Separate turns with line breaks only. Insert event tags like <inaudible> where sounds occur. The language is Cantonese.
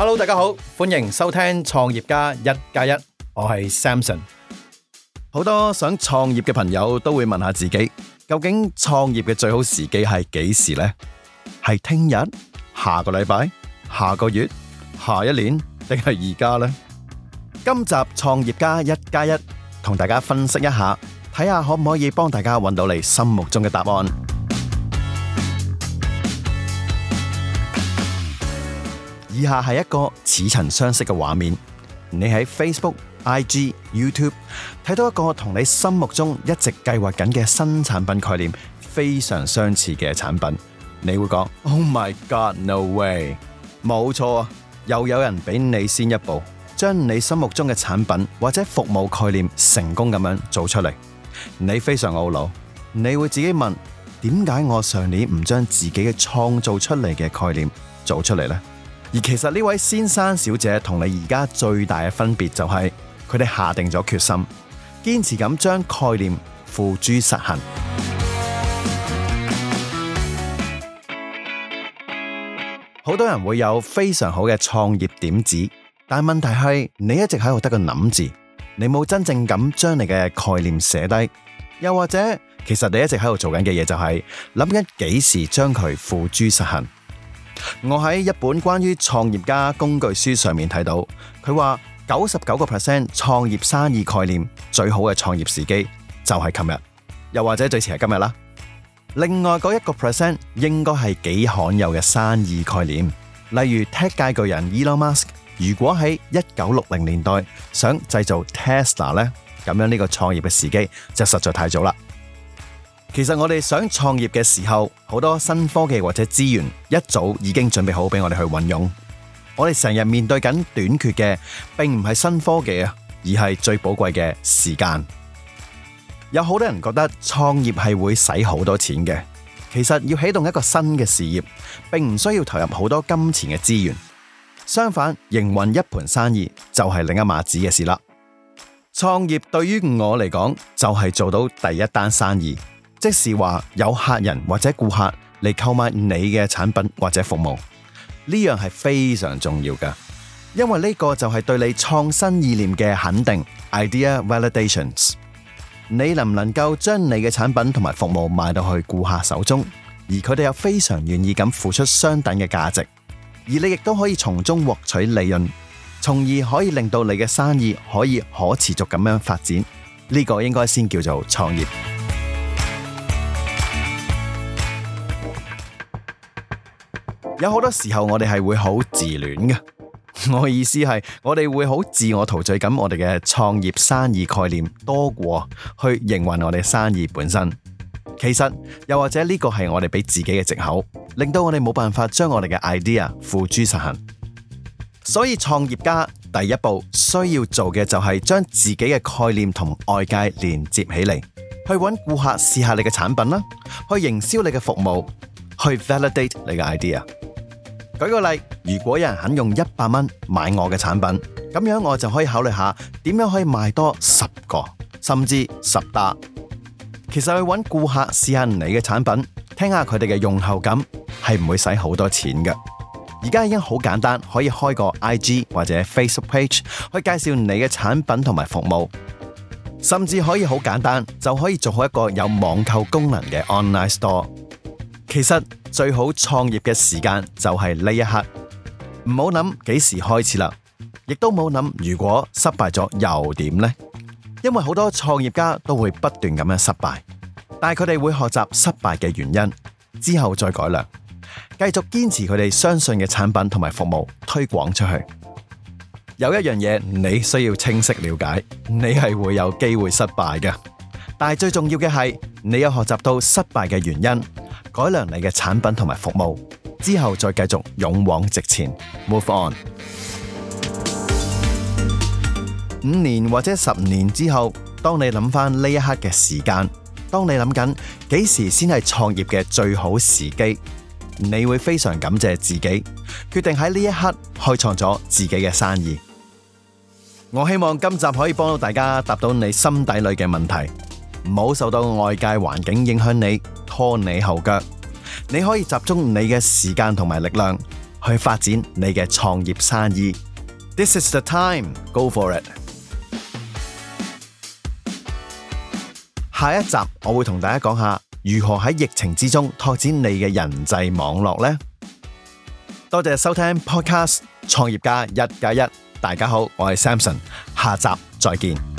Hello，大家好，歡迎收聽創業家一加一，我係 Samson。好多想創業嘅朋友都會問下自己，究竟創業嘅最好時機係幾時呢？係聽日、下個禮拜、下個月、下一年，定係而家呢？今集創業家一加一同大家分析一下，睇下可唔可以幫大家揾到你心目中嘅答案。以下係一個似曾相識嘅畫面，你喺 Facebook、IG、YouTube 睇到一個同你心目中一直計劃緊嘅新產品概念非常相似嘅產品，你會講：Oh my God，no way！冇錯啊，又有人比你先一步將你心目中嘅產品或者服務概念成功咁樣做出嚟，你非常懊惱，你會自己問：點解我上年唔將自己嘅創造出嚟嘅概念做出嚟呢？而其實呢位先生小姐同你而家最大嘅分別就係，佢哋下定咗決心，堅持咁將概念付諸實行。好 <music> 多人會有非常好嘅創業點子，但問題係，你一直喺度得個諗字，你冇真正咁將你嘅概念寫低，又或者其實你一直喺度做緊嘅嘢就係諗緊幾時將佢付諸實行。我喺一本關於創業家工具書上面睇到，佢話九十九個 percent 創業生意概念最好嘅創業時機就係琴日，又或者最遲係今日啦。另外嗰一個 percent 應該係幾罕有嘅生意概念，例如 Tech 界巨人 Elon Musk，如果喺一九六零年代想製造 Tesla 呢，咁樣呢個創業嘅時機就實在太早啦。其實我哋想創業嘅時候，好多新科技或者資源一早已經準備好俾我哋去運用。我哋成日面對緊短缺嘅，並唔係新科技啊，而係最寶貴嘅時間。有好多人覺得創業係會使好多錢嘅，其實要啟動一個新嘅事業，並唔需要投入好多金錢嘅資源。相反，營運一盤生意就係另一碼子嘅事啦。創業對於我嚟講，就係做到第一單生意。即是話有客人或者顧客嚟購買你嘅產品或者服務，呢樣係非常重要噶，因為呢個就係對你創新意念嘅肯定。idea validations，你能唔能夠將你嘅產品同埋服務賣到去顧客手中，而佢哋又非常願意咁付出相等嘅價值，而你亦都可以從中獲取利潤，從而可以令到你嘅生意可以可持續咁樣發展，呢個應該先叫做創業。有好多時候我哋係會好自戀嘅，我嘅意思係我哋會好自我陶醉，咁我哋嘅創業生意概念多過去營運我哋生意本身。其實又或者呢個係我哋俾自己嘅借口，令到我哋冇辦法將我哋嘅 idea 付諸實行。所以創業家第一步需要做嘅就係將自己嘅概念同外界連接起嚟，去揾顧客試下你嘅產品啦，去營銷你嘅服務，去 validate 你嘅 idea。舉個例，如果有人肯用一百蚊買我嘅產品，咁樣我就可以考慮下點樣可以賣多十個，甚至十打。其實去揾顧客試下你嘅產品，聽下佢哋嘅用後感，係唔會使好多錢嘅。而家已經好簡單，可以開個 IG 或者 Facebook page，去介紹你嘅產品同埋服務，甚至可以好簡單就可以做好一個有網購功能嘅 online store。其實最好創業嘅時間就係呢一刻，唔好諗幾時開始啦，亦都冇諗如果失敗咗又點呢？因為好多創業家都會不斷咁樣失敗，但係佢哋會學習失敗嘅原因之後再改良，繼續堅持佢哋相信嘅產品同埋服務推廣出去。有一樣嘢你需要清晰了解，你係會有機會失敗嘅，但係最重要嘅係你有學習到失敗嘅原因。改良你嘅產品同埋服務，之後再繼續勇往直前。Move on。五年或者十年之後，當你諗翻呢一刻嘅時間，當你諗緊幾時先係創業嘅最好時機，你會非常感謝自己，決定喺呢一刻開創咗自己嘅生意。我希望今集可以幫到大家，答到你心底裏嘅問題，唔好受到外界環境影響你。拖你後腳，你可以集中你嘅時間同埋力量去發展你嘅創業生意。This is the time, go for it！下一集我會同大家講下如何喺疫情之中拓展你嘅人際網絡呢。多謝收聽 Podcast 創業家一加一，大家好，我係 Samson，下集再見。